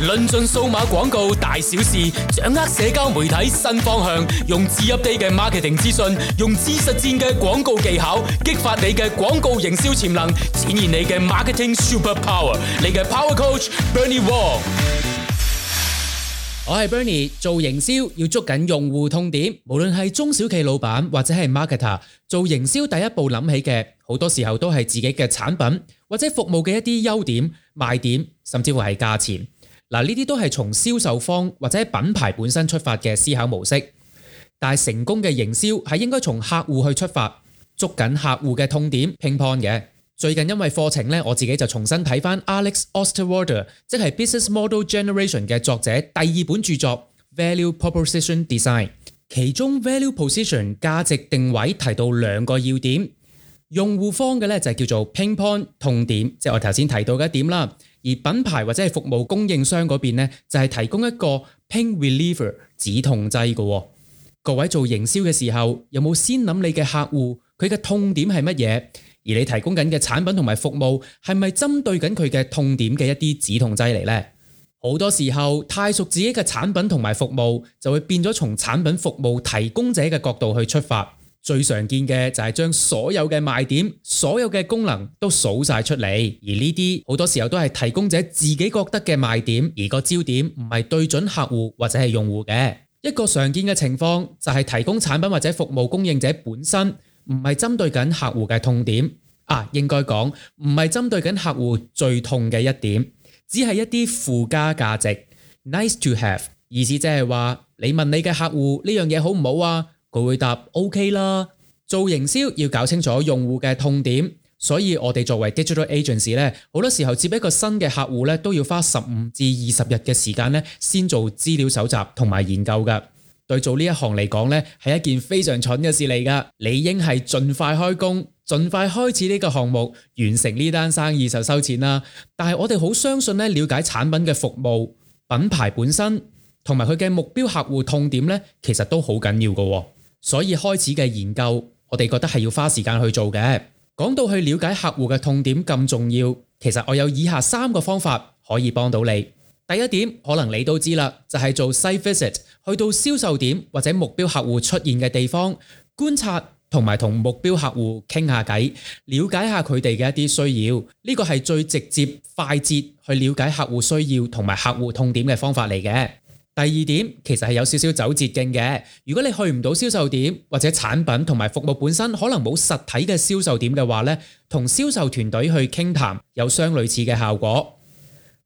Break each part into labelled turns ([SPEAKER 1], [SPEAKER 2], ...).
[SPEAKER 1] 論盡數碼廣告大小事，掌握社交媒體新方向，用最 update 嘅 marketing 資訊，用知實戰嘅廣告技巧，激發你嘅廣告營銷潛能，展現你嘅 marketing super power。你嘅 power coach Bernie Wong，我係 Bernie，做營銷要捉緊用戶痛點，無論係中小企老闆或者係 marketer 做營銷，第一步諗起嘅好多時候都係自己嘅產品或者服務嘅一啲優點賣點，甚至乎係價錢。嗱，呢啲都係從銷售方或者品牌本身出發嘅思考模式，但係成功嘅營銷係應該從客戶去出發，捉緊客戶嘅痛點，ping pong 嘅。最近因為課程咧，我自己就重新睇返 Alex Osterwalder，即係 Business Model Generation 嘅作者第二本著作 Value Proposition Design，其中 Value Position 價值定位提到兩個要點，用戶方嘅咧就叫做 ping pong 痛點，即係我頭先提到嘅一點啦。而品牌或者係服務供應商嗰邊呢，就係提供一個 pain reliever 止痛劑嘅。各位做營銷嘅時候，有冇先諗你嘅客戶佢嘅痛點係乜嘢？而你提供緊嘅產品同埋服務係咪針對緊佢嘅痛點嘅一啲止痛劑嚟呢？好多時候太熟自己嘅產品同埋服務，就會變咗從產品服務提供者嘅角度去出發。最常見嘅就係將所有嘅賣點、所有嘅功能都數晒出嚟，而呢啲好多時候都係提供者自己覺得嘅賣點，而個焦點唔係對準客戶或者係用戶嘅。一個常見嘅情況就係提供產品或者服務供應者本身唔係針對緊客戶嘅痛點啊，應該講唔係針對緊客戶最痛嘅一點，只係一啲附加價值，Nice to have。意思即係話你問你嘅客戶呢樣嘢好唔好啊？佢會答 OK 啦。做營銷要搞清楚用戶嘅痛點。所以我哋作為 digital agency 咧，好多時候接一個新嘅客戶咧，都要花十五至二十日嘅時間咧，先做資料搜集同埋研究噶。對做呢一行嚟講咧，係一件非常蠢嘅事嚟噶。理應係盡快開工，盡快開始呢個項目，完成呢單生意就收錢啦。但係我哋好相信咧，了解產品嘅服務、品牌本身同埋佢嘅目標客戶痛點咧，其實都好緊要噶。所以開始嘅研究，我哋覺得係要花時間去做嘅。講到去了解客戶嘅痛點咁重要，其實我有以下三個方法可以幫到你。第一點，可能你都知啦，就係做 site visit，去到銷售點或者目標客戶出現嘅地方，觀察同埋同目標客戶傾下偈，了解下佢哋嘅一啲需要。呢個係最直接、快捷去了解客戶需要同埋客戶痛點嘅方法嚟嘅。第二點其實係有少少走捷徑嘅。如果你去唔到銷售點，或者產品同埋服務本身可能冇實體嘅銷售點嘅話呢，同銷售團隊去傾談，談有相類似嘅效果。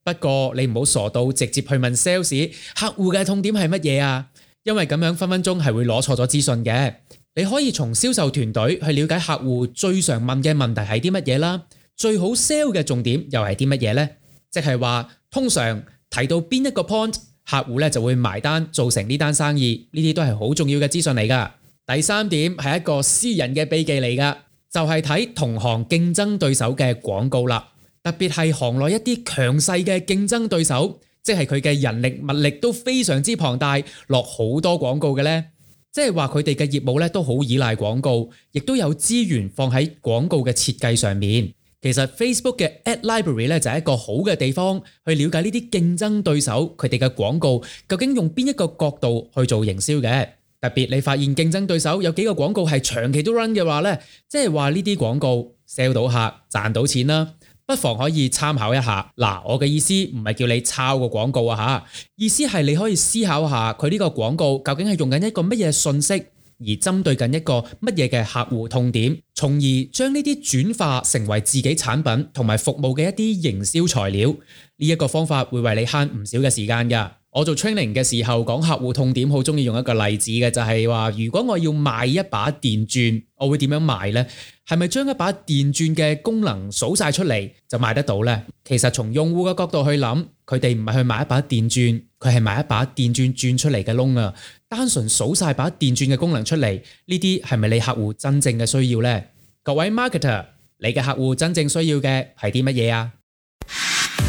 [SPEAKER 1] 不過你唔好傻到直接去問 sales 客戶嘅痛點係乜嘢啊，因為咁樣分分鐘係會攞錯咗資訊嘅。你可以從銷售團隊去了解客戶最常問嘅問題係啲乜嘢啦，最好 sell 嘅重點又係啲乜嘢呢？即係話通常提到邊一個 point？客戶咧就會埋單，做成呢單生意，呢啲都係好重要嘅資訊嚟㗎。第三點係一個私人嘅秘技嚟㗎，就係睇同行競爭對手嘅廣告啦。特別係行內一啲強勢嘅競爭對手，即係佢嘅人力物力都非常之龐大，落好多廣告嘅呢，即係話佢哋嘅業務咧都好依賴廣告，亦都有資源放喺廣告嘅設計上面。其實 Facebook 嘅 Ad Library 咧就係一個好嘅地方，去了解呢啲競爭對手佢哋嘅廣告究竟用邊一個角度去做營銷嘅。特別你發現競爭對手有幾個廣告係長期都 run 嘅話咧，即係話呢啲廣告 sell 到客賺到錢啦，不妨可以參考一下。嗱，我嘅意思唔係叫你抄個廣告啊嚇，意思係你可以思考下佢呢個廣告究竟係用緊一個乜嘢信息。而針對緊一個乜嘢嘅客戶痛點，從而將呢啲轉化成為自己產品同埋服務嘅一啲營銷材料，呢一個方法會為你慳唔少嘅時間㗎。我做 training 嘅時候，講客戶痛點好中意用一個例子嘅，就係話如果我要賣一把電鑽，我會點樣賣呢？係咪將一把電鑽嘅功能數晒出嚟就賣得到呢？其實從用戶嘅角度去諗，佢哋唔係去買一把電鑽，佢係買一把電鑽轉出嚟嘅窿啊！單純數晒把電鑽嘅功能出嚟，呢啲係咪你客戶真正嘅需要呢？各位 marketer，你嘅客戶真正需要嘅係啲乜嘢啊？